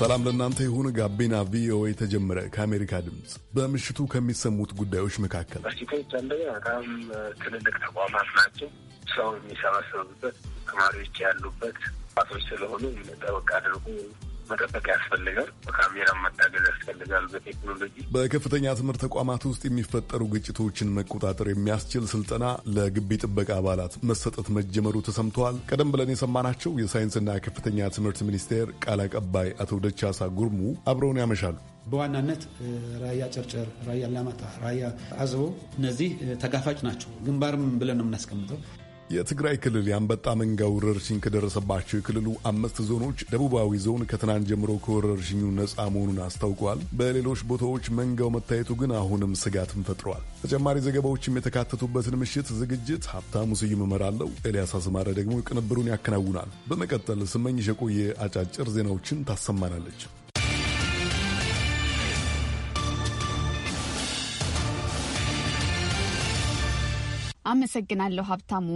ሰላም ለእናንተ ይሁን። ጋቢና ቪኦኤ ተጀመረ። ከአሜሪካ ድምፅ በምሽቱ ከሚሰሙት ጉዳዮች መካከል በሽቶች አንደኛ በጣም ትልልቅ ተቋማት ናቸው። ሰው የሚሰባሰቡበት ተማሪዎች ያሉበት ቶች ስለሆኑ ጠበቅ አድርጉ መጠበቅ ያስፈልጋል። በካሜራ መታገዝ ያስፈልጋል። በቴክኖሎጂ በከፍተኛ ትምህርት ተቋማት ውስጥ የሚፈጠሩ ግጭቶችን መቆጣጠር የሚያስችል ስልጠና ለግቢ ጥበቃ አባላት መሰጠት መጀመሩ ተሰምተዋል። ቀደም ብለን የሰማናቸው የሳይንስና ከፍተኛ ትምህርት ሚኒስቴር ቃል አቀባይ አቶ ደቻሳ ጉርሙ አብረውን ያመሻሉ። በዋናነት ራያ ጨርጨር፣ ራያ አላማጣ፣ ራያ አዘቦ እነዚህ ተጋፋጭ ናቸው። ግንባርም ብለን ነው የምናስቀምጠው። የትግራይ ክልል የአንበጣ መንጋ ወረርሽኝ ከደረሰባቸው የክልሉ አምስት ዞኖች ደቡባዊ ዞን ከትናንት ጀምሮ ከወረርሽኙ ነፃ መሆኑን አስታውቀዋል። በሌሎች ቦታዎች መንጋው መታየቱ ግን አሁንም ስጋትን ፈጥረዋል። ተጨማሪ ዘገባዎችም የተካተቱበትን ምሽት ዝግጅት ሀብታሙ ስዩም እመራለሁ። ኤልያስ አስማረ ደግሞ ቅንብሩን ያከናውናል። በመቀጠል ስመኝ ሸቆየ አጫጭር ዜናዎችን ታሰማናለች። አመሰግናለሁ ሀብታሙ።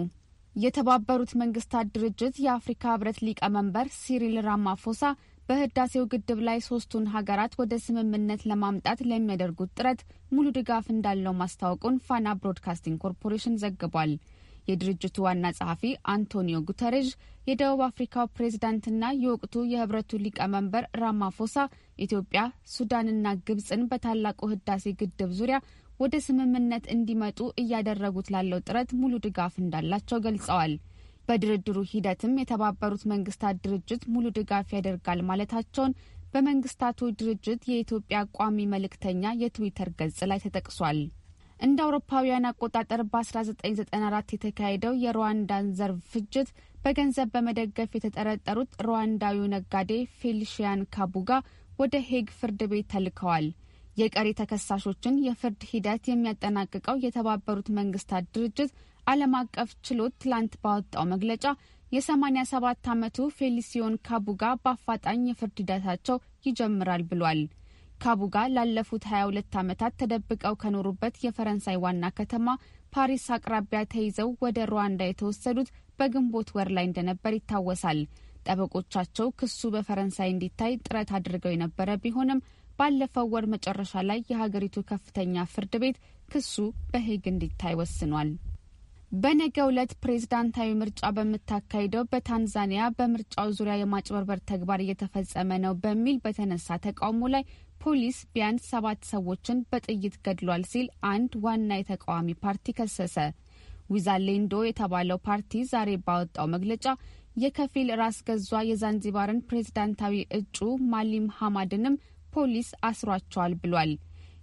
የተባበሩት መንግስታት ድርጅት የአፍሪካ ህብረት ሊቀመንበር ሲሪል ራማፎሳ በህዳሴው ግድብ ላይ ሶስቱን ሀገራት ወደ ስምምነት ለማምጣት ለሚያደርጉት ጥረት ሙሉ ድጋፍ እንዳለው ማስታወቁን ፋና ብሮድካስቲንግ ኮርፖሬሽን ዘግቧል። የድርጅቱ ዋና ጸሐፊ አንቶኒዮ ጉተሬዥ የደቡብ አፍሪካው ፕሬዝዳንትና የወቅቱ የህብረቱ ሊቀመንበር ራማፎሳ ኢትዮጵያ፣ ሱዳንና ግብጽን በታላቁ ህዳሴ ግድብ ዙሪያ ወደ ስምምነት እንዲመጡ እያደረጉት ላለው ጥረት ሙሉ ድጋፍ እንዳላቸው ገልጸዋል። በድርድሩ ሂደትም የተባበሩት መንግስታት ድርጅት ሙሉ ድጋፍ ያደርጋል ማለታቸውን በመንግስታቱ ድርጅት የኢትዮጵያ ቋሚ መልእክተኛ የትዊተር ገጽ ላይ ተጠቅሷል። እንደ አውሮፓውያን አቆጣጠር በ1994 የተካሄደው የሩዋንዳን ዘር ፍጅት በገንዘብ በመደገፍ የተጠረጠሩት ሩዋንዳዊው ነጋዴ ፌሊሽያን ካቡጋ ወደ ሄግ ፍርድ ቤት ተልከዋል። የቀሪ ተከሳሾችን የፍርድ ሂደት የሚያጠናቅቀው የተባበሩት መንግስታት ድርጅት ዓለም አቀፍ ችሎት ትላንት ባወጣው መግለጫ የ87 ዓመቱ ፌሊሲዮን ካቡጋ በአፋጣኝ የፍርድ ሂደታቸው ይጀምራል ብሏል። ካቡጋ ላለፉት 22 ዓመታት ተደብቀው ከኖሩበት የፈረንሳይ ዋና ከተማ ፓሪስ አቅራቢያ ተይዘው ወደ ሩዋንዳ የተወሰዱት በግንቦት ወር ላይ እንደነበር ይታወሳል። ጠበቆቻቸው ክሱ በፈረንሳይ እንዲታይ ጥረት አድርገው የነበረ ቢሆንም ባለፈው ወር መጨረሻ ላይ የሀገሪቱ ከፍተኛ ፍርድ ቤት ክሱ በሄግ እንዲታይ ወስኗል። በነገ ዕለት ፕሬዝዳንታዊ ምርጫ በምታካሂደው በታንዛኒያ በምርጫው ዙሪያ የማጭበርበር ተግባር እየተፈጸመ ነው በሚል በተነሳ ተቃውሞ ላይ ፖሊስ ቢያንስ ሰባት ሰዎችን በጥይት ገድሏል ሲል አንድ ዋና የተቃዋሚ ፓርቲ ከሰሰ። ዊዛሌንዶ የተባለው ፓርቲ ዛሬ ባወጣው መግለጫ የከፊል ራስ ገዟ የዛንዚባርን ፕሬዝዳንታዊ እጩ ማሊም ሀማድንም ፖሊስ አስሯቸዋል ብሏል።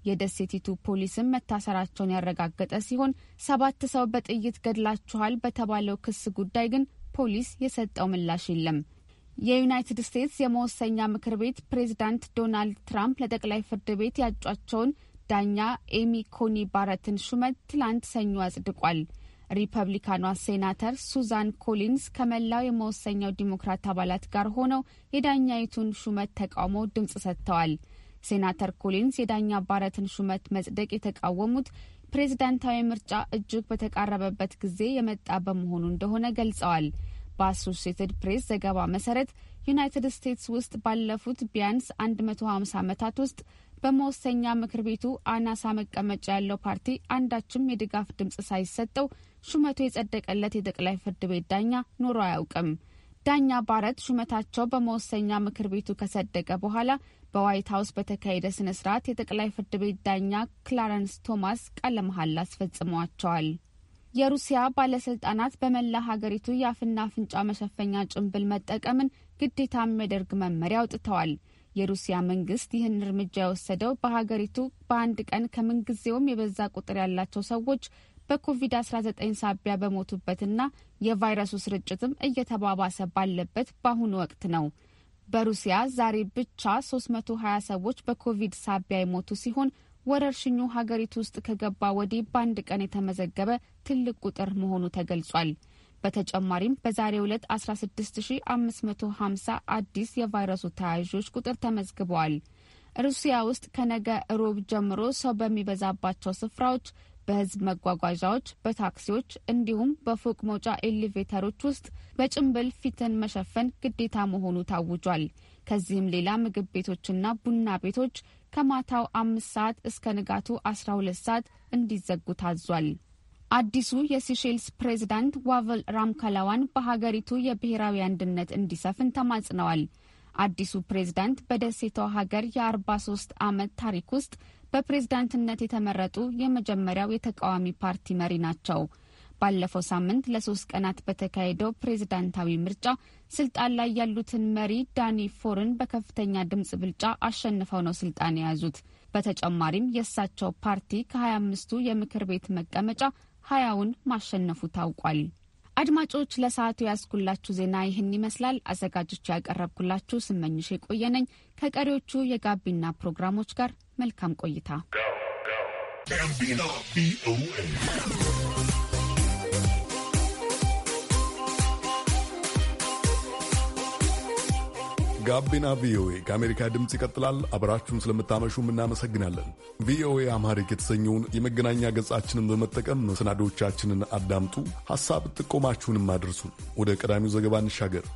የደሴቲቱ ፖሊስም መታሰራቸውን ያረጋገጠ ሲሆን ሰባት ሰው በጥይት ገድላችኋል በተባለው ክስ ጉዳይ ግን ፖሊስ የሰጠው ምላሽ የለም። የዩናይትድ ስቴትስ የመወሰኛ ምክር ቤት ፕሬዝዳንት ዶናልድ ትራምፕ ለጠቅላይ ፍርድ ቤት ያጯቸውን ዳኛ ኤሚ ኮኒ ባረትን ሹመት ትላንት ሰኞ አጽድቋል። ሪፐብሊካኗ ሴናተር ሱዛን ኮሊንስ ከመላው የመወሰኛው ዲሞክራት አባላት ጋር ሆነው የዳኛይቱን ሹመት ተቃውሞ ድምፅ ሰጥተዋል። ሴናተር ኮሊንስ የዳኛ ባረትን ሹመት መጽደቅ የተቃወሙት ፕሬዝዳንታዊ ምርጫ እጅግ በተቃረበበት ጊዜ የመጣ በመሆኑ እንደሆነ ገልጸዋል። በአሶሴትድ ፕሬስ ዘገባ መሰረት ዩናይትድ ስቴትስ ውስጥ ባለፉት ቢያንስ 150 ዓመታት ውስጥ በመወሰኛ ምክር ቤቱ አናሳ መቀመጫ ያለው ፓርቲ አንዳችም የድጋፍ ድምፅ ሳይሰጠው ሹመቱ የጸደቀለት የጠቅላይ ፍርድ ቤት ዳኛ ኖሮ አያውቅም። ዳኛ ባረት ሹመታቸው በመወሰኛ ምክር ቤቱ ከጸደቀ በኋላ በዋይት ሀውስ በተካሄደ ስነ ስርዓት የጠቅላይ ፍርድ ቤት ዳኛ ክላረንስ ቶማስ ቃለ መሐላ አስፈጽመዋቸዋል። የሩሲያ ባለስልጣናት በመላ ሀገሪቱ የአፍና አፍንጫ መሸፈኛ ጭንብል መጠቀምን ግዴታ የሚያደርግ መመሪያ አውጥተዋል። የሩሲያ መንግስት ይህን እርምጃ የወሰደው በሀገሪቱ በአንድ ቀን ከምንጊዜውም የበዛ ቁጥር ያላቸው ሰዎች በኮቪድ-19 ሳቢያ በሞቱበትና የቫይረሱ ስርጭትም እየተባባሰ ባለበት በአሁኑ ወቅት ነው። በሩሲያ ዛሬ ብቻ 320 ሰዎች በኮቪድ ሳቢያ የሞቱ ሲሆን ወረርሽኙ ሀገሪቱ ውስጥ ከገባ ወዲህ በአንድ ቀን የተመዘገበ ትልቅ ቁጥር መሆኑ ተገልጿል። በተጨማሪም በዛሬው ዕለት 16550 አዲስ የቫይረሱ ተያያዦች ቁጥር ተመዝግበዋል። ሩሲያ ውስጥ ከነገ እሮብ ጀምሮ ሰው በሚበዛባቸው ስፍራዎች በህዝብ መጓጓዣዎች፣ በታክሲዎች እንዲሁም በፎቅ መውጫ ኤሌቬተሮች ውስጥ በጭንብል ፊትን መሸፈን ግዴታ መሆኑ ታውጇል። ከዚህም ሌላ ምግብ ቤቶችና ቡና ቤቶች ከማታው አምስት ሰዓት እስከ ንጋቱ አስራ ሁለት ሰዓት እንዲዘጉ ታዟል። አዲሱ የሲሼልስ ፕሬዝዳንት ዋቨል ራምካላዋን በሀገሪቱ የብሔራዊ አንድነት እንዲሰፍን ተማጽነዋል። አዲሱ ፕሬዝዳንት በደሴታው ሀገር የ43 ዓመት ታሪክ ውስጥ በፕሬዝዳንትነት የተመረጡ የመጀመሪያው የተቃዋሚ ፓርቲ መሪ ናቸው። ባለፈው ሳምንት ለሶስት ቀናት በተካሄደው ፕሬዝዳንታዊ ምርጫ ስልጣን ላይ ያሉትን መሪ ዳኒ ፎርን በከፍተኛ ድምፅ ብልጫ አሸንፈው ነው ስልጣን የያዙት። በተጨማሪም የእሳቸው ፓርቲ ከሀያ አምስቱ የምክር ቤት መቀመጫ ሀያውን ማሸነፉ ታውቋል። አድማጮች ለሰዓቱ ያስኩላችሁ ዜና ይህን ይመስላል። አዘጋጆች ያቀረብኩላችሁ ስመኝሽ የቆየነኝ ከቀሪዎቹ የጋቢና ፕሮግራሞች ጋር መልካም ቆይታ። ጋቢና ቪኦኤ ከአሜሪካ ድምፅ ይቀጥላል። አብራችሁን ስለምታመሹም እናመሰግናለን። ቪኦኤ አማሪክ የተሰኘውን የመገናኛ ገጻችንን በመጠቀም መሰናዶቻችንን አዳምጡ። ሐሳብ ጥቆማችሁንም አድርሱ። ወደ ቀዳሚው ዘገባ እንሻገር።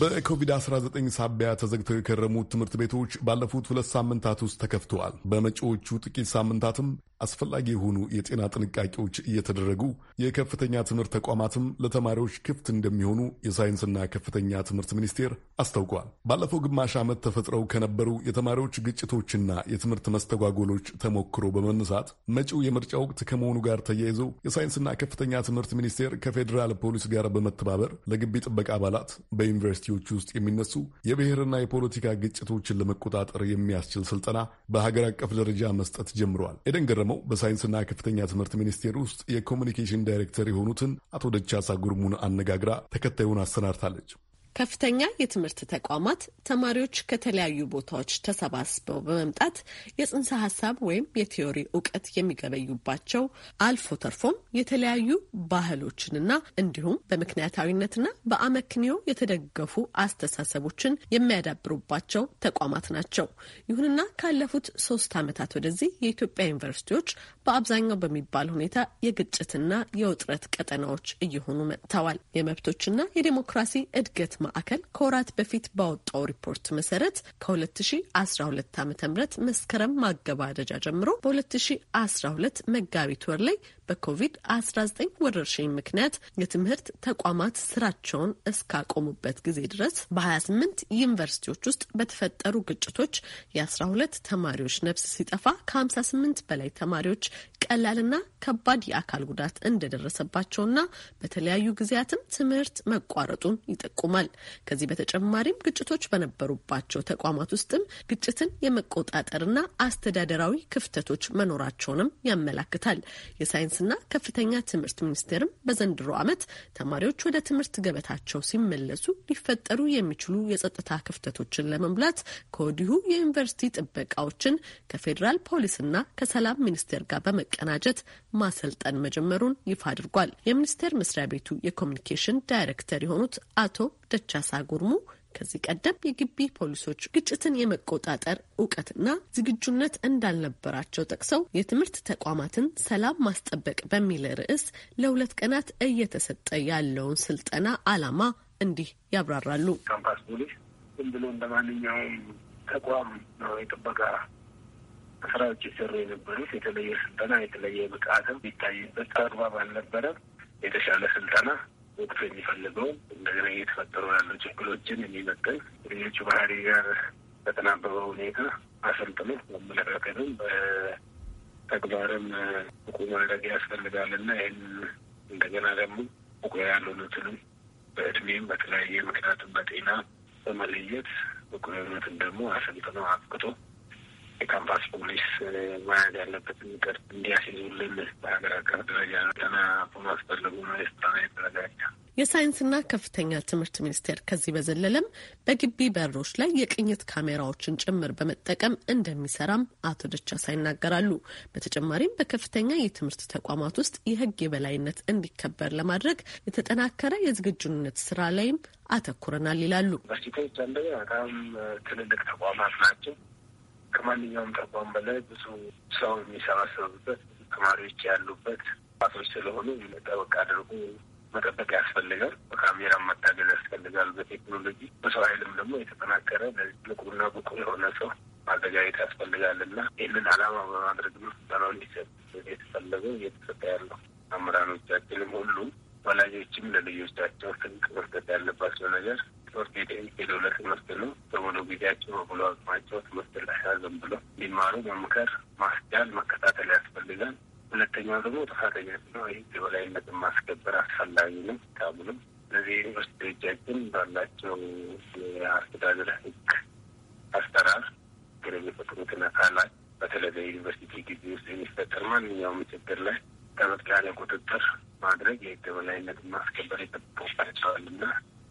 በኮቪድ-19 ሳቢያ ተዘግተው የከረሙት ትምህርት ቤቶች ባለፉት ሁለት ሳምንታት ውስጥ ተከፍተዋል። በመጪዎቹ ጥቂት ሳምንታትም አስፈላጊ የሆኑ የጤና ጥንቃቄዎች እየተደረጉ የከፍተኛ ትምህርት ተቋማትም ለተማሪዎች ክፍት እንደሚሆኑ የሳይንስና ከፍተኛ ትምህርት ሚኒስቴር አስታውቋል። ባለፈው ግማሽ ዓመት ተፈጥረው ከነበሩ የተማሪዎች ግጭቶችና የትምህርት መስተጓጎሎች ተሞክሮ በመነሳት መጪው የምርጫ ወቅት ከመሆኑ ጋር ተያይዞ የሳይንስና ከፍተኛ ትምህርት ሚኒስቴር ከፌዴራል ፖሊስ ጋር በመተባበር ለግቢ ጥበቃ አባላት በዩኒቨርሲቲ ዩኒቨርሲቲዎች ውስጥ የሚነሱ የብሔርና የፖለቲካ ግጭቶችን ለመቆጣጠር የሚያስችል ስልጠና በሀገር አቀፍ ደረጃ መስጠት ጀምረዋል። ኤደን ገረመው በሳይንስና ከፍተኛ ትምህርት ሚኒስቴር ውስጥ የኮሚኒኬሽን ዳይሬክተር የሆኑትን አቶ ደቻሳ ጉርሙን አነጋግራ ተከታዩን አሰናድታለች። ከፍተኛ የትምህርት ተቋማት ተማሪዎች ከተለያዩ ቦታዎች ተሰባስበው በመምጣት የጽንሰ ሀሳብ ወይም የቲዮሪ እውቀት የሚገበዩባቸው አልፎ ተርፎም የተለያዩ ባህሎችንና እንዲሁም በምክንያታዊነትና በአመክንዮ የተደገፉ አስተሳሰቦችን የሚያዳብሩባቸው ተቋማት ናቸው። ይሁንና ካለፉት ሶስት ዓመታት ወደዚህ የኢትዮጵያ ዩኒቨርሲቲዎች በአብዛኛው በሚባል ሁኔታ የግጭትና የውጥረት ቀጠናዎች እየሆኑ መጥተዋል። የመብቶችና የዴሞክራሲ እድገት ማዕከል ከወራት በፊት ባወጣው ሪፖርት መሰረት ከ2012 ዓ ም መስከረም ማገባደጃ ጀምሮ በ2012 መጋቢት ወር ላይ በኮቪድ-19 ወረርሽኝ ምክንያት የትምህርት ተቋማት ስራቸውን እስካቆሙበት ጊዜ ድረስ በ28 ዩኒቨርሲቲዎች ውስጥ በተፈጠሩ ግጭቶች የ12 ተማሪዎች ነፍስ ሲጠፋ ከ58 በላይ ተማሪዎች ቀላልና ከባድ የአካል ጉዳት እንደደረሰባቸውና በተለያዩ ጊዜያትም ትምህርት መቋረጡን ይጠቁማል። ከዚህ በተጨማሪም ግጭቶች በነበሩባቸው ተቋማት ውስጥም ግጭትን የመቆጣጠርና አስተዳደራዊ ክፍተቶች መኖራቸውንም ያመላክታል። የሳይንስ ሳይንስና ከፍተኛ ትምህርት ሚኒስቴርም በዘንድሮ ዓመት ተማሪዎች ወደ ትምህርት ገበታቸው ሲመለሱ ሊፈጠሩ የሚችሉ የጸጥታ ክፍተቶችን ለመሙላት ከወዲሁ የዩኒቨርሲቲ ጥበቃዎችን ከፌዴራል ፖሊስና ከሰላም ሚኒስቴር ጋር በመቀናጀት ማሰልጠን መጀመሩን ይፋ አድርጓል። የሚኒስቴር መስሪያ ቤቱ የኮሚኒኬሽን ዳይሬክተር የሆኑት አቶ ደቻሳ ጉርሙ ከዚህ ቀደም የግቢ ፖሊሶች ግጭትን የመቆጣጠር እውቀትና ዝግጁነት እንዳልነበራቸው ጠቅሰው የትምህርት ተቋማትን ሰላም ማስጠበቅ በሚል ርዕስ ለሁለት ቀናት እየተሰጠ ያለውን ስልጠና ዓላማ እንዲህ ያብራራሉ። ካምፓስ ፖሊስ ዝም ብሎ እንደ ማንኛውም ተቋም ነው የጥበቃ ስራዎች ይሰሩ የነበሩት። የተለየ ስልጠና የተለየ ብቃትም ይታይበት አግባብ አልነበረም። የተሻለ ስልጠና ወቅቱ የሚፈልገው እንደገና እየተፈጠሩ ያሉ ችግሮችን የሚመጠን ልጆቹ ባህሪ ጋር በተናበበ ሁኔታ አሰልጥኖ መመለካከትም በተግባርም ብቁ ማድረግ ያስፈልጋል እና ይህን እንደገና ደግሞ ብቁ ያልሆኑትንም በእድሜም በተለያየ ምክንያትም በጤና በመለየት ብቁ የሆኑትን ደግሞ አሰልጥኖ አብቅቶ የካምፓስ ፖሊስ መያዝ ያለበትን ቅርጽ እንዲያስይዙልን በሀገር አቀፍ ደረጃ ጠና በማስፈለጉ ስራ የተረጋጋ የሳይንስና ከፍተኛ ትምህርት ሚኒስቴር ከዚህ በዘለለም በግቢ በሮች ላይ የቅኝት ካሜራዎችን ጭምር በመጠቀም እንደሚሰራም አቶ ደቻሳ ይናገራሉ። በተጨማሪም በከፍተኛ የትምህርት ተቋማት ውስጥ የሕግ የበላይነት እንዲከበር ለማድረግ የተጠናከረ የዝግጁነት ስራ ላይም አተኩረናል ይላሉ። ዩኒቨርሲቲዎች በጣም ትልልቅ ተቋማት ናቸው። ከማንኛውም ተቋም በላይ ብዙ ሰው የሚሰባሰብበት ብዙ ተማሪዎች ያሉበት ባቶች ስለሆኑ ጠበቅ አድርጎ መጠበቅ ያስፈልጋል። በካሜራ መታገዝ ያስፈልጋል። በቴክኖሎጂ በሰው ኃይልም ደግሞ የተጠናከረ ንቁና ብቁ የሆነ ሰው ማዘጋጀት ያስፈልጋል እና ይህንን ዓላማ በማድረግ ነው ስልጠናው እንዲሰጥ የተፈለገው እየተሰጠ ያለው። መምህራኖቻችንም ሁሉ ወላጆችም ለልጆቻቸው ስንቅ መስጠት ያለባቸው ነገር ትምህርት ቤት የሚሄደው ትምህርት ነው። በሙሉ ጊዜያቸው በሙሉ አቅማቸው ትምህርት ላይ ያዘን ብለው እንዲማሩ መምከር፣ ማስቻል፣ መከታተል ያስፈልጋል። ሁለተኛው ደግሞ ጥፋተኛ ነው። ይህ የበላይነትን ማስከበር አስፈላጊ ነው እነዚህ ዩኒቨርስቲ ደጃችን ባላቸው የአስተዳደር ህግ አሰራር ገደብ የፈጠሩትን አካላት በተለይ በዩኒቨርሲቲ ጊዜ ውስጥ የሚፈጠር ማንኛውም ችግር ላይ ጠበቅ ቁጥጥር ማድረግ የሕግ የበላይነትን ማስከበር ይጠበቅባቸዋል እና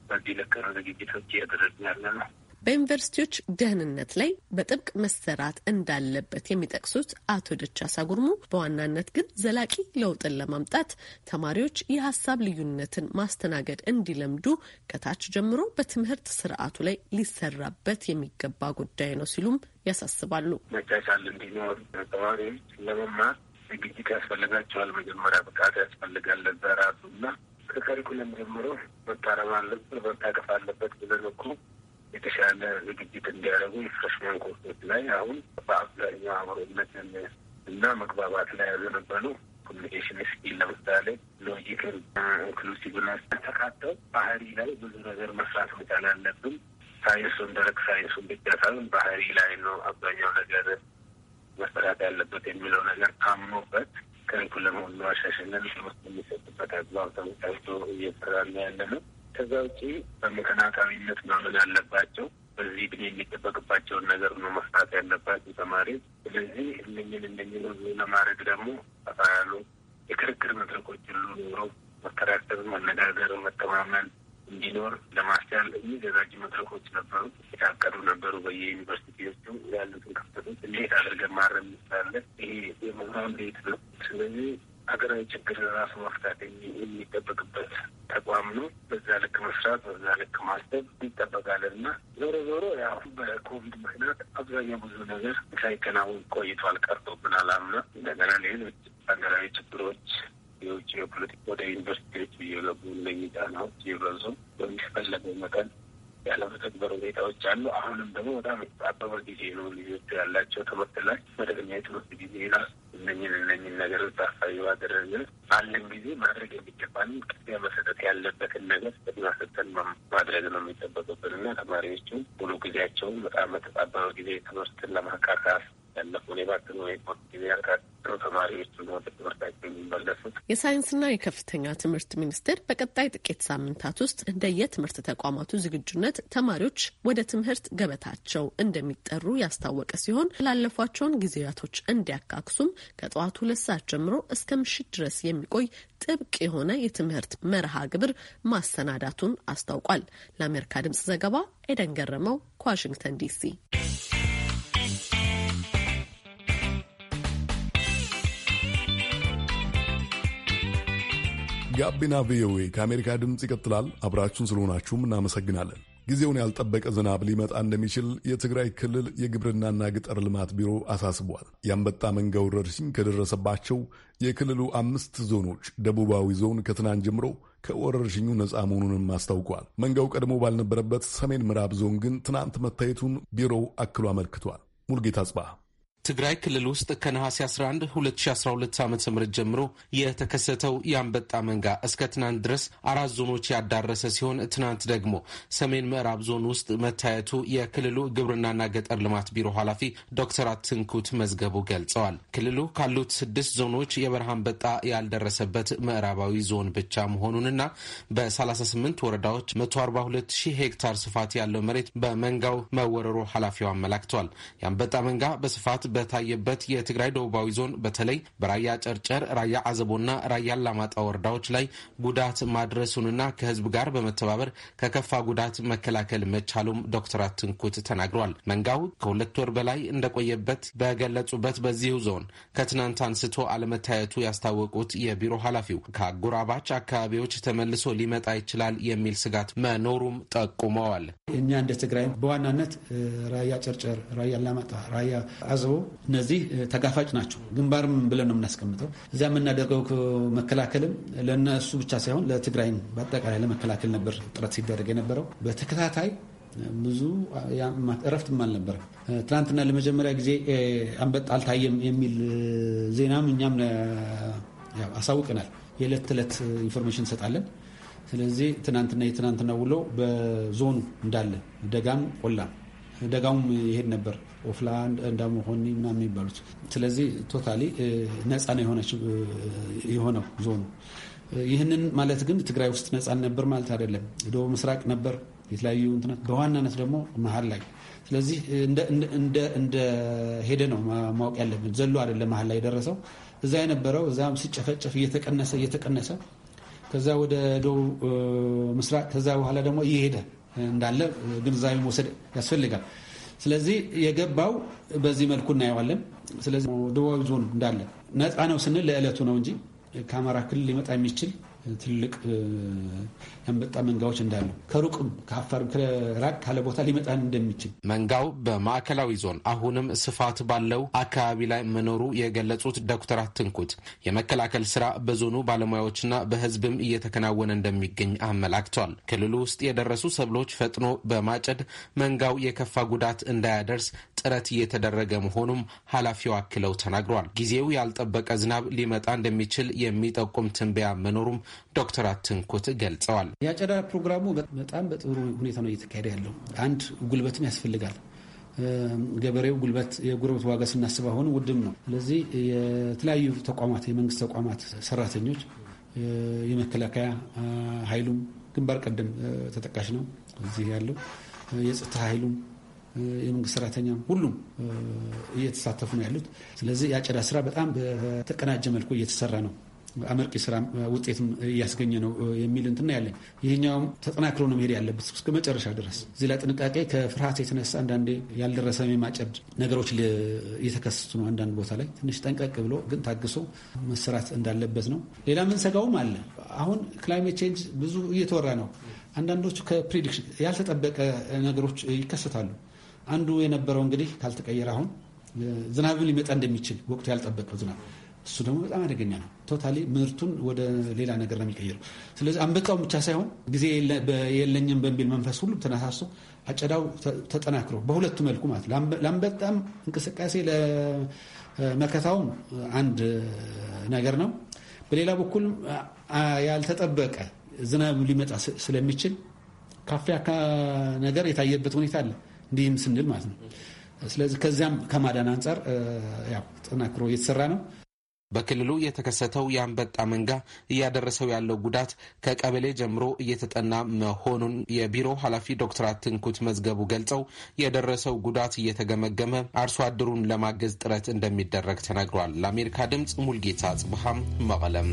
በዚህ ልክ ዝግጅቶች እያደረግን ያለ ነው። በዩኒቨርሲቲዎች ደህንነት ላይ በጥብቅ መሰራት እንዳለበት የሚጠቅሱት አቶ ደቻሳ ጉርሙ በዋናነት ግን ዘላቂ ለውጥን ለማምጣት ተማሪዎች የሀሳብ ልዩነትን ማስተናገድ እንዲለምዱ ከታች ጀምሮ በትምህርት ስርዓቱ ላይ ሊሰራበት የሚገባ ጉዳይ ነው ሲሉም ያሳስባሉ። መቻቻል እንዲኖር ተማሪዎች ለመማር ዝግጅት ያስፈልጋቸዋል። መጀመሪያ ብቃት ያስፈልጋል ለዛ ራሱ እና ከከሪኩለም ጀምሮ መታረም አለበት መታቀፍ አለበት ብለን እኮ የተሻለ ዝግጅት እንዲያደርጉ የፍሬሽማን ኮርሶች ላይ አሁን በአብዛኛው አብሮነትን እና መግባባት ላይ ያዘነበሉ ኮሚኒኬሽን ስኪል ለምሳሌ ሎጂክን ኢንክሉሲቭነስ ተካተው ባህሪ ላይ ብዙ ነገር መስራት መቻል አለብን። ሳይንሱን ደረግ ሳይንሱን ብቻ ሳይሆን ባህሪ ላይ ነው አብዛኛው ነገር መሰራት ያለበት የሚለው ነገር ታምኖበት ከሪኩለም ሁሉ አሻሽለን ትምህርት የሚሰጥበት አግባብ ተመቻችቶ እየሰራ ያለ ነው። ከዛ ውጪ በመከናካቢነት ማመን አለባቸው። በዚህ እድሜ የሚጠበቅባቸውን ነገር ነው መስራት ያለባቸው ተማሪዎች። ስለዚህ እነኝን እነኝን ሁሉ ለማድረግ ደግሞ ሰፋ ያሉ የክርክር መድረኮች ሁሉ ኖረው መከራከር፣ መነጋገር፣ መተማመን እንዲኖር ለማስቻል የሚዘጋጁ መድረኮች ነበሩ፣ የታቀዱ ነበሩ። በየዩኒቨርሲቲዎቹ ያሉትን ክፍተቶች እንዴት አድርገን ማረም እንችላለን? ይሄ የመምህራን ቤት ነው። ስለዚህ ሀገራዊ ችግር ራሱ መፍታት የሚጠበቅበት ተቋም ነው። በዛ ልክ መስራት፣ በዛ ልክ ማሰብ ይጠበቃል እና ዞሮ ዞሮ ያው በኮቪድ ምክንያት አብዛኛው ብዙ ነገር ሳይከናወን ቆይቷል፣ ቀርቶብናል። አምና እንደገና ሌሎች ሀገራዊ ችግሮች የውጭ የፖለቲካ ወደ ዩኒቨርሲቲዎች እየገቡ እነኝህ ጫናዎች እየበዙ በሚፈለገው መጠን ያለመተግበር ሁኔታዎች አሉ። አሁንም ደግሞ በጣም አበበ ጊዜ ነው ልጆቹ ያላቸው ትምህርት ላይ መደበኛ የትምህርት ጊዜ ና እነኝን እነኝን ነገር ታሳቢ ባደረገ አለን ጊዜ ማድረግ የሚገባን ቅድሚያ መሰጠት ያለበትን ነገር ቅድሚያ ሰጥተን ማድረግ ነው የሚጠበቅብን እና ተማሪዎቹ ሙሉ ጊዜያቸውን በጣም በተጣበበ ጊዜ ትምህርትን ለማካካስ ያለፈውን የባክኖ ጊዜ ያካትሩ ተማሪዎች ወደ ትምህርታቸው የሚመለሱት። የሳይንስና የከፍተኛ ትምህርት ሚኒስቴር በቀጣይ ጥቂት ሳምንታት ውስጥ የትምህርት ተቋማቱ ዝግጁነት ተማሪዎች ወደ ትምህርት ገበታቸው እንደሚጠሩ ያስታወቀ ሲሆን ላለፏቸውን ጊዜያቶች እንዲያካክሱም ከጠዋቱ ሁለት ሰዓት ጀምሮ እስከ ምሽት ድረስ የሚቆይ ጥብቅ የሆነ የትምህርት መርሃ ግብር ማሰናዳቱን አስታውቋል። ለአሜሪካ ድምጽ ዘገባ ኤደን ገረመው ከዋሽንግተን ዲሲ ጋቢና ቪኦኤ ከአሜሪካ ድምፅ ይቀጥላል። አብራችሁን ስለሆናችሁም እናመሰግናለን። ጊዜውን ያልጠበቀ ዝናብ ሊመጣ እንደሚችል የትግራይ ክልል የግብርናና ገጠር ልማት ቢሮ አሳስቧል። የአንበጣ መንጋ ወረርሽኝ ከደረሰባቸው የክልሉ አምስት ዞኖች ደቡባዊ ዞን ከትናንት ጀምሮ ከወረርሽኙ ነፃ መሆኑንም አስታውቋል። መንጋው ቀድሞ ባልነበረበት ሰሜን ምዕራብ ዞን ግን ትናንት መታየቱን ቢሮው አክሎ አመልክቷል። ሙልጌታ ጽባ ትግራይ ክልል ውስጥ ከነሐሴ 11 2012 ዓ ም ጀምሮ የተከሰተው የአንበጣ መንጋ እስከ ትናንት ድረስ አራት ዞኖች ያዳረሰ ሲሆን ትናንት ደግሞ ሰሜን ምዕራብ ዞን ውስጥ መታየቱ የክልሉ ግብርናና ገጠር ልማት ቢሮ ኃላፊ ዶክተር አትንኩት መዝገቡ ገልጸዋል። ክልሉ ካሉት ስድስት ዞኖች የበረሃ አንበጣ ያልደረሰበት ምዕራባዊ ዞን ብቻ መሆኑንና በ38 ወረዳዎች 142 ሺህ ሄክታር ስፋት ያለው መሬት በመንጋው መወረሩ ኃላፊው አመላክተዋል። የአንበጣ መንጋ በስፋት በታየበት የትግራይ ደቡባዊ ዞን በተለይ በራያ ጨርጨር፣ ራያ አዘቦና ራያ አላማጣ ወረዳዎች ላይ ጉዳት ማድረሱንና ከህዝብ ጋር በመተባበር ከከፋ ጉዳት መከላከል መቻሉም ዶክተር አትንኩት ተናግረዋል። መንጋው ከሁለት ወር በላይ እንደቆየበት በገለጹበት በዚሁ ዞን ከትናንት አንስቶ አለመታየቱ ያስታወቁት የቢሮ ኃላፊው ከአጎራባች አካባቢዎች ተመልሶ ሊመጣ ይችላል የሚል ስጋት መኖሩም ጠቁመዋል። እኛ እንደ ትግራይ በዋናነት ራያ ጨርጨር፣ ራያ አላማጣ፣ ራያ አዘቦ እነዚህ ተጋፋጭ ናቸው። ግንባርም ብለን ነው የምናስቀምጠው። እዚያ የምናደርገው መከላከልም ለነሱ ብቻ ሳይሆን ለትግራይም በአጠቃላይ ለመከላከል ነበር ጥረት ሲደረግ የነበረው በተከታታይ ብዙ እረፍትም አልነበረም። ትናንትና ለመጀመሪያ ጊዜ አንበጣ አልታየም የሚል ዜናም እኛም አሳውቀናል። የዕለት ተዕለት ኢንፎርሜሽን እንሰጣለን። ስለዚህ ትናንትና የትናንትና ውሎ በዞኑ እንዳለ ደጋም ቆላም ደጋውም ይሄድ ነበር ኦፍላ እንዳመሆኒ ምናምን የሚባሉት። ስለዚህ ቶታሊ ነፃ ነው የሆነው ዞኑ። ይህንን ማለት ግን ትግራይ ውስጥ ነፃ ነበር ማለት አይደለም። ደቡብ ምስራቅ ነበር የተለያዩ እንትናት፣ በዋናነት ደግሞ መሀል ላይ ስለዚህ እንደ ሄደ ነው ማወቅ ያለብን። ዘሎ አይደለም መሀል ላይ የደረሰው እዛ የነበረው እዛም ሲጨፈጨፍ እየተቀነሰ እየተቀነሰ ከዛ ወደ ደቡብ ምስራቅ ከዛ በኋላ ደግሞ እየሄደ እንዳለ ግንዛቤ መውሰድ ያስፈልጋል። ስለዚህ የገባው በዚህ መልኩ እናየዋለን። ስለዚህ ደቡባዊ ዞን እንዳለ ነፃ ነው ስንል ለዕለቱ ነው እንጂ ከአማራ ክልል ሊመጣ የሚችል ትልቅ ያመጣ መንጋዎች እንዳሉ ከሩቅም ከአፋርም ከራቅ ካለ ቦታ ሊመጣን እንደሚችል መንጋው በማዕከላዊ ዞን አሁንም ስፋት ባለው አካባቢ ላይ መኖሩ የገለጹት ዶክተር አትንኩት የመከላከል ስራ በዞኑ ባለሙያዎችና በህዝብም እየተከናወነ እንደሚገኝ አመላክቷል። ክልሉ ውስጥ የደረሱ ሰብሎች ፈጥኖ በማጨድ መንጋው የከፋ ጉዳት እንዳያደርስ ጥረት እየተደረገ መሆኑም ኃላፊው አክለው ተናግሯል። ጊዜው ያልጠበቀ ዝናብ ሊመጣ እንደሚችል የሚጠቁም ትንበያ መኖሩም ዶክተር አትንኩት ገልጸዋል። የአጨዳ ፕሮግራሙ በጣም በጥሩ ሁኔታ ነው እየተካሄደ ያለው። አንድ ጉልበትም ያስፈልጋል። ገበሬው ጉልበት የጉልበት ዋጋ ስናስብ አሁን ውድም ነው። ስለዚህ የተለያዩ ተቋማት የመንግስት ተቋማት ሰራተኞች፣ የመከላከያ ኃይሉም ግንባር ቀደም ተጠቃሽ ነው እዚህ ያለው የጸጥታ ኃይሉም የመንግስት ሰራተኛ ሁሉም እየተሳተፉ ነው ያሉት። ስለዚህ የአጨዳ ስራ በጣም በተቀናጀ መልኩ እየተሰራ ነው። አመርቂ ስራ ውጤትም እያስገኘ ነው የሚል እንትና ያለን። ይህኛውም ተጠናክሮ ነው መሄድ ያለበት እስከ መጨረሻ ድረስ። እዚህ ላይ ጥንቃቄ ከፍርሃት የተነሳ አንዳንዴ ያልደረሰ የማጨድ ነገሮች እየተከሰቱ ነው። አንዳንድ ቦታ ላይ ትንሽ ጠንቀቅ ብሎ ግን ታግሶ መሰራት እንዳለበት ነው። ሌላ ምንሰጋውም አለ። አሁን ክላይሜት ቼንጅ ብዙ እየተወራ ነው። አንዳንዶቹ ከፕሪዲክሽን ያልተጠበቀ ነገሮች ይከሰታሉ። አንዱ የነበረው እንግዲህ ካልተቀየረ አሁን ዝናብን ሊመጣ እንደሚችል ወቅቱ ያልጠበቀው ዝናብ እሱ ደግሞ በጣም አደገኛ ነው። ቶታሊ ምርቱን ወደ ሌላ ነገር ነው የሚቀይረው። ስለዚህ አንበጣውን ብቻ ሳይሆን ጊዜ የለኝም በሚል መንፈስ ሁሉም ተነሳሶ አጨዳው ተጠናክሮ በሁለቱ መልኩ ማለት ለአንበጣም እንቅስቃሴ ለመከታውም አንድ ነገር ነው። በሌላ በኩል ያልተጠበቀ ዝናብ ሊመጣ ስለሚችል ካፊያ ነገር የታየበት ሁኔታ አለ። እንዲህም ስንል ማለት ነው። ስለዚህ ከዚያም ከማዳን አንጻር ያው እየተሰራ ነው። በክልሉ የተከሰተው የአንበጣ መንጋ እያደረሰው ያለው ጉዳት ከቀበሌ ጀምሮ እየተጠና መሆኑን የቢሮ ኃላፊ ዶክተር አትንኩት መዝገቡ ገልጸው የደረሰው ጉዳት እየተገመገመ አርሶ አደሩን ለማገዝ ጥረት እንደሚደረግ ተናግሯል። ለአሜሪካ ድምፅ ሙልጌታ ጽብሃም መቀለም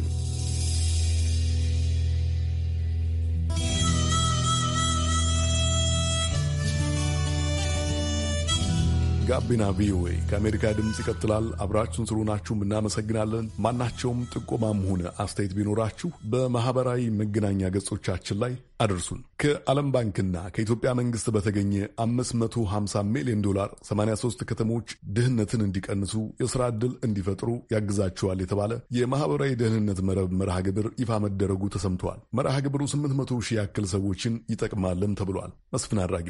ጋቢና ቪኦኤ ከአሜሪካ ድምፅ ይቀጥላል። አብራችሁን ስለሆናችሁም እናመሰግናለን። ማናቸውም ጥቆማም ሆነ አስተያየት ቢኖራችሁ በማህበራዊ መገናኛ ገጾቻችን ላይ አድርሱን። ከዓለም ባንክና ከኢትዮጵያ መንግስት በተገኘ 550 ሚሊዮን ዶላር 83 ከተሞች ድህነትን እንዲቀንሱ የሥራ ዕድል እንዲፈጥሩ ያግዛቸዋል የተባለ የማኅበራዊ ደህንነት መረብ መርሃ ግብር ይፋ መደረጉ ተሰምተዋል። መርሃ ግብሩ 800 ሺህ ያክል ሰዎችን ይጠቅማልም ተብሏል። መስፍን አድራጌ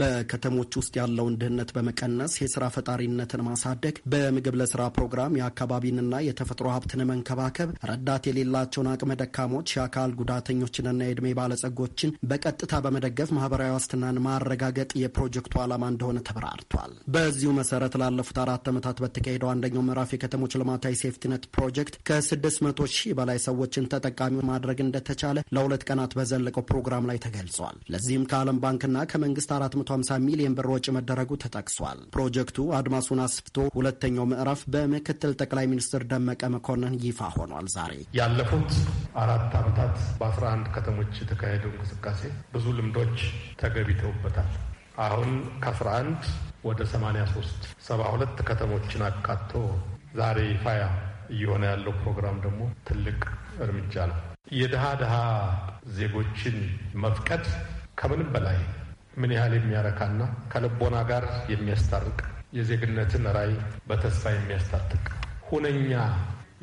በከተሞች ውስጥ ያለውን ድህነት በመቀነስ የስራ ፈጣሪነትን ማሳደግ፣ በምግብ ለስራ ፕሮግራም የአካባቢንና የተፈጥሮ ሀብትን መንከባከብ፣ ረዳት የሌላቸውን አቅመ ደካሞች፣ የአካል ጉዳተኞችንና የዕድሜ ባለጸጎችን በቀጥታ በመደገፍ ማህበራዊ ዋስትናን ማረጋገጥ የፕሮጀክቱ ዓላማ እንደሆነ ተብራርቷል። በዚሁ መሰረት ላለፉት አራት ዓመታት በተካሄደው አንደኛው ምዕራፍ የከተሞች ልማታዊ ሴፍቲነት ፕሮጀክት ከ600 ሺህ በላይ ሰዎችን ተጠቃሚ ማድረግ እንደተቻለ ለሁለት ቀናት በዘለቀው ፕሮግራም ላይ ተገልጿል። ለዚህም ከዓለም ባንክና ከመንግስት አራት 450 ሚሊዮን ብር ወጪ መደረጉ ተጠቅሷል። ፕሮጀክቱ አድማሱን አስፍቶ ሁለተኛው ምዕራፍ በምክትል ጠቅላይ ሚኒስትር ደመቀ መኮንን ይፋ ሆኗል። ዛሬ ያለፉት አራት ዓመታት በ11 ከተሞች የተካሄደው እንቅስቃሴ ብዙ ልምዶች ተገቢተውበታል። አሁን ከ11 ወደ 83 72 ከተሞችን አካቶ ዛሬ ይፋያ እየሆነ ያለው ፕሮግራም ደግሞ ትልቅ እርምጃ ነው። የድሃ ድሃ ዜጎችን መፍቀድ ከምንም በላይ ምን ያህል የሚያረካና ከልቦና ጋር የሚያስታርቅ የዜግነትን ራዕይ በተስፋ የሚያስታጥቅ ሁነኛ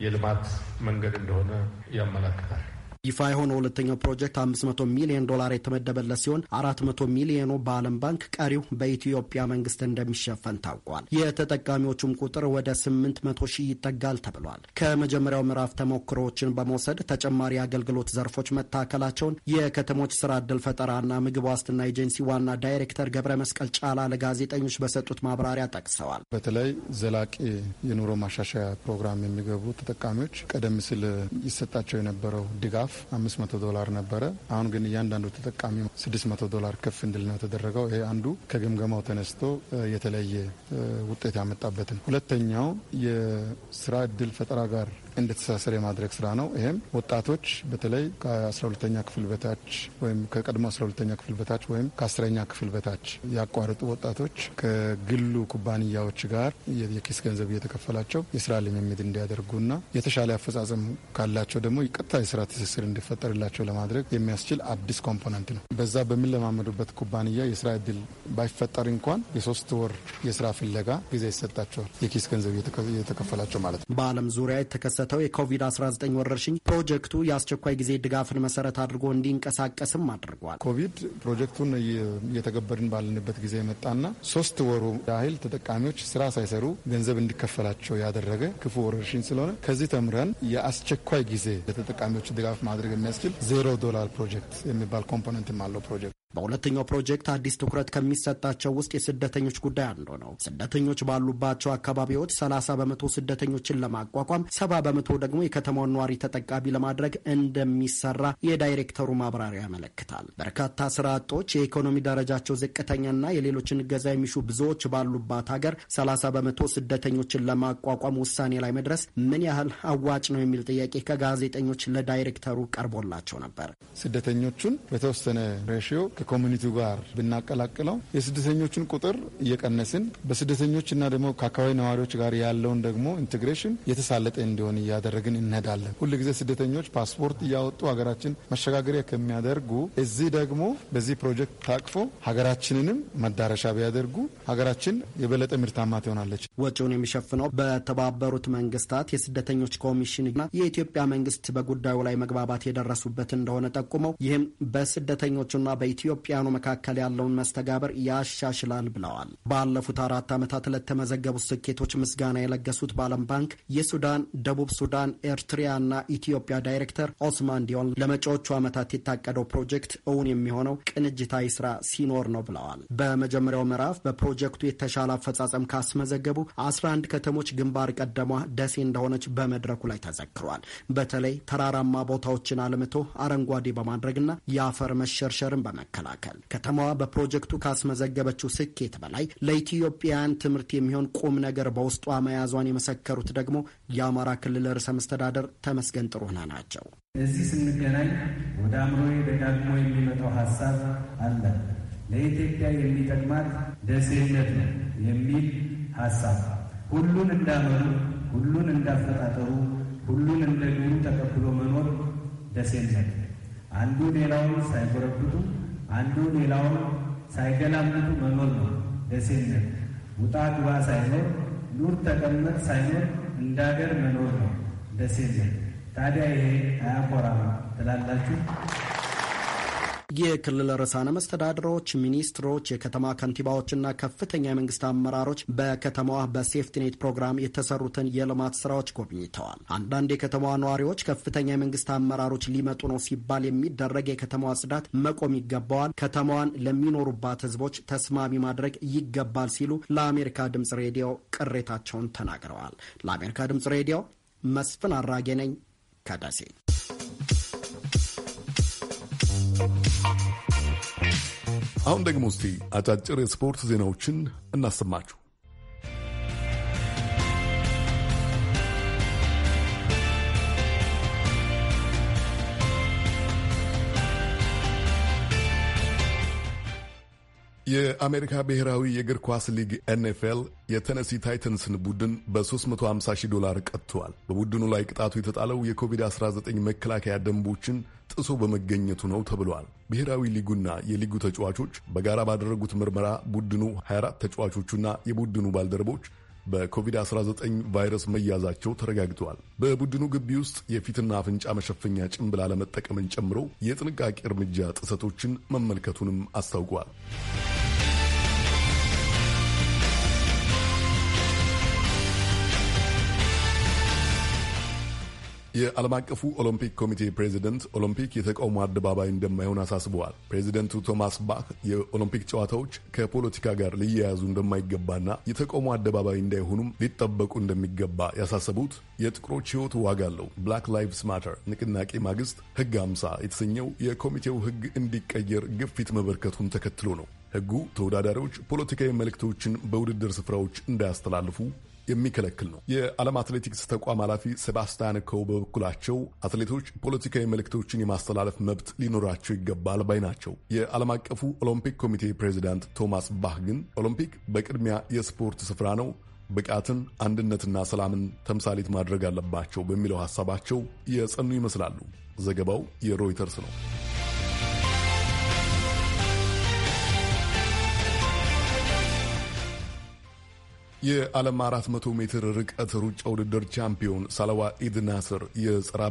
የልማት መንገድ እንደሆነ ያመላክታል። ይፋ የሆነ ሁለተኛው ፕሮጀክት 500 ሚሊዮን ዶላር የተመደበለት ሲሆን 400 ሚሊዮኑ በዓለም ባንክ፣ ቀሪው በኢትዮጵያ መንግስት እንደሚሸፈን ታውቋል። የተጠቃሚዎቹም ቁጥር ወደ 800 ሺህ ይጠጋል ተብሏል። ከመጀመሪያው ምዕራፍ ተሞክሮዎችን በመውሰድ ተጨማሪ የአገልግሎት ዘርፎች መታከላቸውን የከተሞች ስራ ፈጠራ ፈጠራና ምግብ ዋስትና ኤጀንሲ ዋና ዳይሬክተር ገብረ መስቀል ጫላ ለጋዜጠኞች በሰጡት ማብራሪያ ጠቅሰዋል። በተለይ ዘላቂ የኑሮ ማሻሻያ ፕሮግራም የሚገቡ ተጠቃሚዎች ቀደም ሲል ይሰጣቸው የነበረው ድጋፍ 5መቶ ዶላር ነበረ። አሁን ግን እያንዳንዱ ተጠቃሚ መቶ ዶላር ከፍ እንድል ነው የተደረገው። ይሄ አንዱ ከግምገማው ተነስቶ የተለየ ውጤት ያመጣበትን ሁለተኛው የስራ እድል ፈጠራ ጋር እንድትሳሰር የማድረግ ስራ ነው። ይህም ወጣቶች በተለይ ከ12ተኛ ክፍል በታች ወይም ከቀድሞ 12ተኛ ክፍል በታች ወይም ከአስረኛ ክፍል በታች ያቋረጡ ወጣቶች ከግሉ ኩባንያዎች ጋር የኪስ ገንዘብ እየተከፈላቸው የስራ ልምምድ እንዲያደርጉና የተሻለ አፈጻጸም ካላቸው ደግሞ ቀጥታ የስራ ትስስር እንዲፈጠርላቸው ለማድረግ የሚያስችል አዲስ ኮምፖነንት ነው። በዛ በሚለማመዱበት ኩባንያ የስራ እድል ባይፈጠር እንኳን የሶስት ወር የስራ ፍለጋ ጊዜ ይሰጣቸዋል። የኪስ ገንዘብ እየተከፈላቸው ማለት ነው። በዓለም ዙሪያ የተከሰተ በተከሰተው የኮቪድ-19 ወረርሽኝ ፕሮጀክቱ የአስቸኳይ ጊዜ ድጋፍን መሰረት አድርጎ እንዲንቀሳቀስም አድርጓል። ኮቪድ ፕሮጀክቱን እየተገበርን ባለንበት ጊዜ የመጣና ሶስት ወሩ ያህል ተጠቃሚዎች ስራ ሳይሰሩ ገንዘብ እንዲከፈላቸው ያደረገ ክፉ ወረርሽኝ ስለሆነ ከዚህ ተምረን የአስቸኳይ ጊዜ ለተጠቃሚዎች ድጋፍ ማድረግ የሚያስችል ዜሮ ዶላር ፕሮጀክት የሚባል ኮምፖነንትም አለው ፕሮጀክት በሁለተኛው ፕሮጀክት አዲስ ትኩረት ከሚሰጣቸው ውስጥ የስደተኞች ጉዳይ አንዱ ነው። ስደተኞች ባሉባቸው አካባቢዎች 30 በመቶ ስደተኞችን ለማቋቋም፣ ሰባ በመቶ ደግሞ የከተማውን ነዋሪ ተጠቃሚ ለማድረግ እንደሚሰራ የዳይሬክተሩ ማብራሪያ ያመለክታል። በርካታ ስራ አጦች፣ የኢኮኖሚ ደረጃቸው ዝቅተኛና የሌሎችን እገዛ የሚሹ ብዙዎች ባሉባት ሀገር 30 በመቶ ስደተኞችን ለማቋቋም ውሳኔ ላይ መድረስ ምን ያህል አዋጭ ነው የሚል ጥያቄ ከጋዜጠኞች ለዳይሬክተሩ ቀርቦላቸው ነበር። ስደተኞቹን በተወሰነ ሬሽዮ ከኮሚኒቲው ጋር ብናቀላቅለው የስደተኞችን ቁጥር እየቀነስን በስደተኞችና ደግሞ ከአካባቢ ነዋሪዎች ጋር ያለውን ደግሞ ኢንቴግሬሽን የተሳለጠ እንዲሆን እያደረግን እንሄዳለን። ጊዜ ስደተኞች ፓስፖርት እያወጡ ሀገራችን መሸጋገሪያ ከሚያደርጉ እዚህ ደግሞ በዚህ ፕሮጀክት ታቅፎ ሀገራችንንም መዳረሻ ቢያደርጉ ሀገራችን የበለጠ ምርታማ ትሆናለች። ወጪውን የሚሸፍነው በተባበሩት መንግስታት የስደተኞች ኮሚሽንና የኢትዮጵያ መንግስት በጉዳዩ ላይ መግባባት የደረሱበት እንደሆነ ጠቁመው ይህም በስደተኞቹና በኢትዮ ኢትዮጵያኑ መካከል ያለውን መስተጋበር ያሻሽላል ብለዋል። ባለፉት አራት ዓመታት ለተመዘገቡት ስኬቶች ምስጋና የለገሱት በዓለም ባንክ የሱዳን፣ ደቡብ ሱዳን፣ እና ኢትዮጵያ ዳይሬክተር ኦስማን ዲዮን ለመጪዎቹ ዓመታት የታቀደው ፕሮጀክት እውን የሚሆነው ቅንጅታዊ ስራ ሲኖር ነው ብለዋል። በመጀመሪያው ምዕራፍ በፕሮጀክቱ የተሻለ አፈጻጸም ካስመዘገቡ 11 ከተሞች ግንባር ቀደሟ ደሴ እንደሆነች በመድረኩ ላይ ተዘክሯል። በተለይ ተራራማ ቦታዎችን አልምቶ አረንጓዴ በማድረግና የአፈር መሸርሸርን በመከ ለመከላከል ከተማዋ በፕሮጀክቱ ካስመዘገበችው ስኬት በላይ ለኢትዮጵያን ትምህርት የሚሆን ቁም ነገር በውስጧ መያዟን የመሰከሩት ደግሞ የአማራ ክልል ርዕሰ መስተዳደር ተመስገን ጥሩነህ ናቸው። እዚህ ስንገናኝ ወደ አእምሮዬ ደጋግሞ የሚመጣው ሀሳብ አለ። ለኢትዮጵያ የሚጠቅማት ደሴነት ነው የሚል ሀሳብ ሁሉን እንዳመሩ፣ ሁሉን እንዳፈጣጠሩ፣ ሁሉን እንደ ግቡ ተቀብሎ መኖር ደሴነት አንዱ ሌላውን ሳይጎረብቱ አንዱ ሌላውን ሳይገላምጡ መኖር ነው ደሴነት። ውጣ ግባ ሳይኖር ኑር ተቀመጥ ሳይኖር እንዳገር መኖር ነው ደሴነት። ታዲያ ይሄ አያኮራም ትላላችሁ? የክልል ርዕሳነ መስተዳድሮች፣ ሚኒስትሮች፣ የከተማ ከንቲባዎችና ከፍተኛ የመንግስት አመራሮች በከተማዋ በሴፍቲኔት ፕሮግራም የተሰሩትን የልማት ስራዎች ጎብኝተዋል። አንዳንድ የከተማዋ ነዋሪዎች ከፍተኛ የመንግስት አመራሮች ሊመጡ ነው ሲባል የሚደረግ የከተማዋ ጽዳት መቆም ይገባዋል፣ ከተማዋን ለሚኖሩባት ህዝቦች ተስማሚ ማድረግ ይገባል ሲሉ ለአሜሪካ ድምጽ ሬዲዮ ቅሬታቸውን ተናግረዋል። ለአሜሪካ ድምጽ ሬዲዮ መስፍን አራጌ ነኝ ከደሴ። አሁን ደግሞ እስቲ አጫጭር የስፖርት ዜናዎችን እናሰማችሁ። የአሜሪካ ብሔራዊ የእግር ኳስ ሊግ ኤንኤፍኤል የተነሲ ታይተንስን ቡድን በ350 ዶላር ቀጥቷል። በቡድኑ ላይ ቅጣቱ የተጣለው የኮቪድ-19 መከላከያ ደንቦችን ጥሶ በመገኘቱ ነው ተብሏል። ብሔራዊ ሊጉና የሊጉ ተጫዋቾች በጋራ ባደረጉት ምርመራ ቡድኑ 24 ተጫዋቾቹና የቡድኑ ባልደረቦች በኮቪድ-19 ቫይረስ መያዛቸው ተረጋግጠዋል። በቡድኑ ግቢ ውስጥ የፊትና አፍንጫ መሸፈኛ ጭንብል አለመጠቀምን ጨምሮ የጥንቃቄ እርምጃ ጥሰቶችን መመልከቱንም አስታውቋል። የዓለም አቀፉ ኦሎምፒክ ኮሚቴ ፕሬዚደንት ኦሎምፒክ የተቃውሞ አደባባይ እንደማይሆን አሳስበዋል። ፕሬዚደንቱ ቶማስ ባህ የኦሎምፒክ ጨዋታዎች ከፖለቲካ ጋር ሊያያዙ እንደማይገባና የተቃውሞ አደባባይ እንዳይሆኑም ሊጠበቁ እንደሚገባ ያሳሰቡት የጥቁሮች ሕይወት ዋጋ አለው ብላክ ላይቭስ ማተር ንቅናቄ ማግስት ሕግ አምሳ የተሰኘው የኮሚቴው ሕግ እንዲቀየር ግፊት መበርከቱን ተከትሎ ነው። ሕጉ ተወዳዳሪዎች ፖለቲካዊ መልእክቶችን በውድድር ስፍራዎች እንዳያስተላልፉ የሚከለክል ነው። የዓለም አትሌቲክስ ተቋም ኃላፊ ሴባስቲያን ኮው በበኩላቸው አትሌቶች ፖለቲካዊ መልእክቶችን የማስተላለፍ መብት ሊኖራቸው ይገባል ባይ ናቸው። የዓለም አቀፉ ኦሎምፒክ ኮሚቴ ፕሬዚዳንት ቶማስ ባህ ግን ኦሎምፒክ በቅድሚያ የስፖርት ስፍራ ነው ብቃትን አንድነትና ሰላምን ተምሳሌት ማድረግ አለባቸው በሚለው ሐሳባቸው የጸኑ ይመስላሉ። ዘገባው የሮይተርስ ነው። የዓለም 400 ሜትር ርቀት ሩጫ ውድድር ቻምፒዮን ሳላዋ ኢድ ናስር የጸረ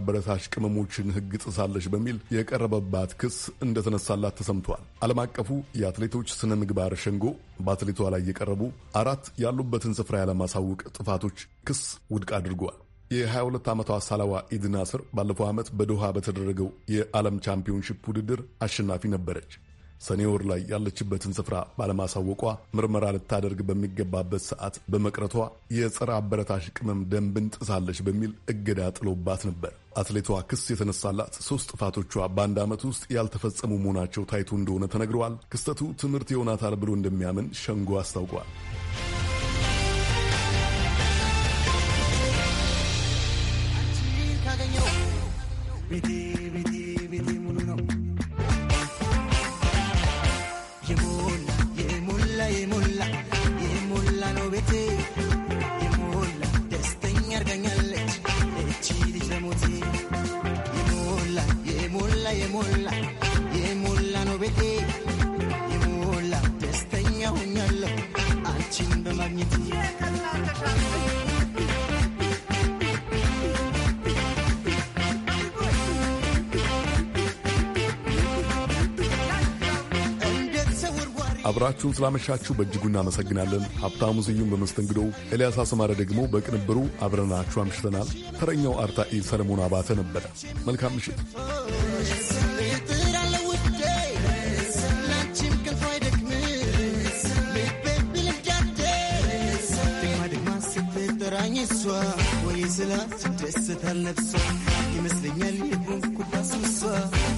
ቅመሞችን ሕግ ጥሳለች በሚል የቀረበባት ክስ እንደተነሳላት ተሰምቷል። ዓለም አቀፉ የአትሌቶች ስነ ምግባር ሸንጎ በአትሌቷ ላይ የቀረቡ አራት ያሉበትን ስፍራ ያለማሳወቅ ጥፋቶች ክስ ውድቅ አድርጓል። የ22 ዓመቷ ሳላዋ ኢድ ናስር ባለፈው ዓመት በዶሃ በተደረገው የዓለም ቻምፒዮንሺፕ ውድድር አሸናፊ ነበረች። ሰኔ ወር ላይ ያለችበትን ስፍራ ባለማሳወቋ ምርመራ ልታደርግ በሚገባበት ሰዓት በመቅረቷ የጸረ አበረታሽ ቅመም ደንብን ጥሳለች በሚል እገዳ ጥሎባት ነበር። አትሌቷ ክስ የተነሳላት ሶስት ጥፋቶቿ በአንድ ዓመት ውስጥ ያልተፈጸሙ መሆናቸው ታይቶ እንደሆነ ተነግረዋል። ክስተቱ ትምህርት ይሆናታል ብሎ እንደሚያምን ሸንጎ አስታውቋል። ቤቴ አብራችሁን ስላመሻችሁ በእጅጉ እናመሰግናለን። ሀብታሙ ስዩም በመስተንግዶው፣ ኤልያስ አሰማረ ደግሞ በቅንብሩ አብረናችሁ አምሽተናል። ተረኛው አርታኢ ሰለሞን አባተ ነበረ። መልካም ምሽት። ወይ ስላት ደስታል ነፍሷ ይመስለኛል የሆንኩባት እሷ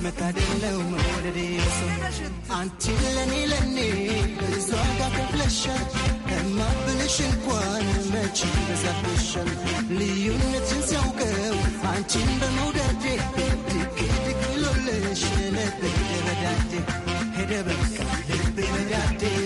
መታደል ነው መወደዴ ሰው አንቺን ለኔ ለኔ እሷ ጋር ከፍለሻል እማብልሽ እንኳን መች በዛብሻል ልዩነትን ሲያውቀው አንቺን በመውደዴ ድክ ድክ ብሎልሽ ልቤ ሄደ በቃ ልቤ ረዳዴ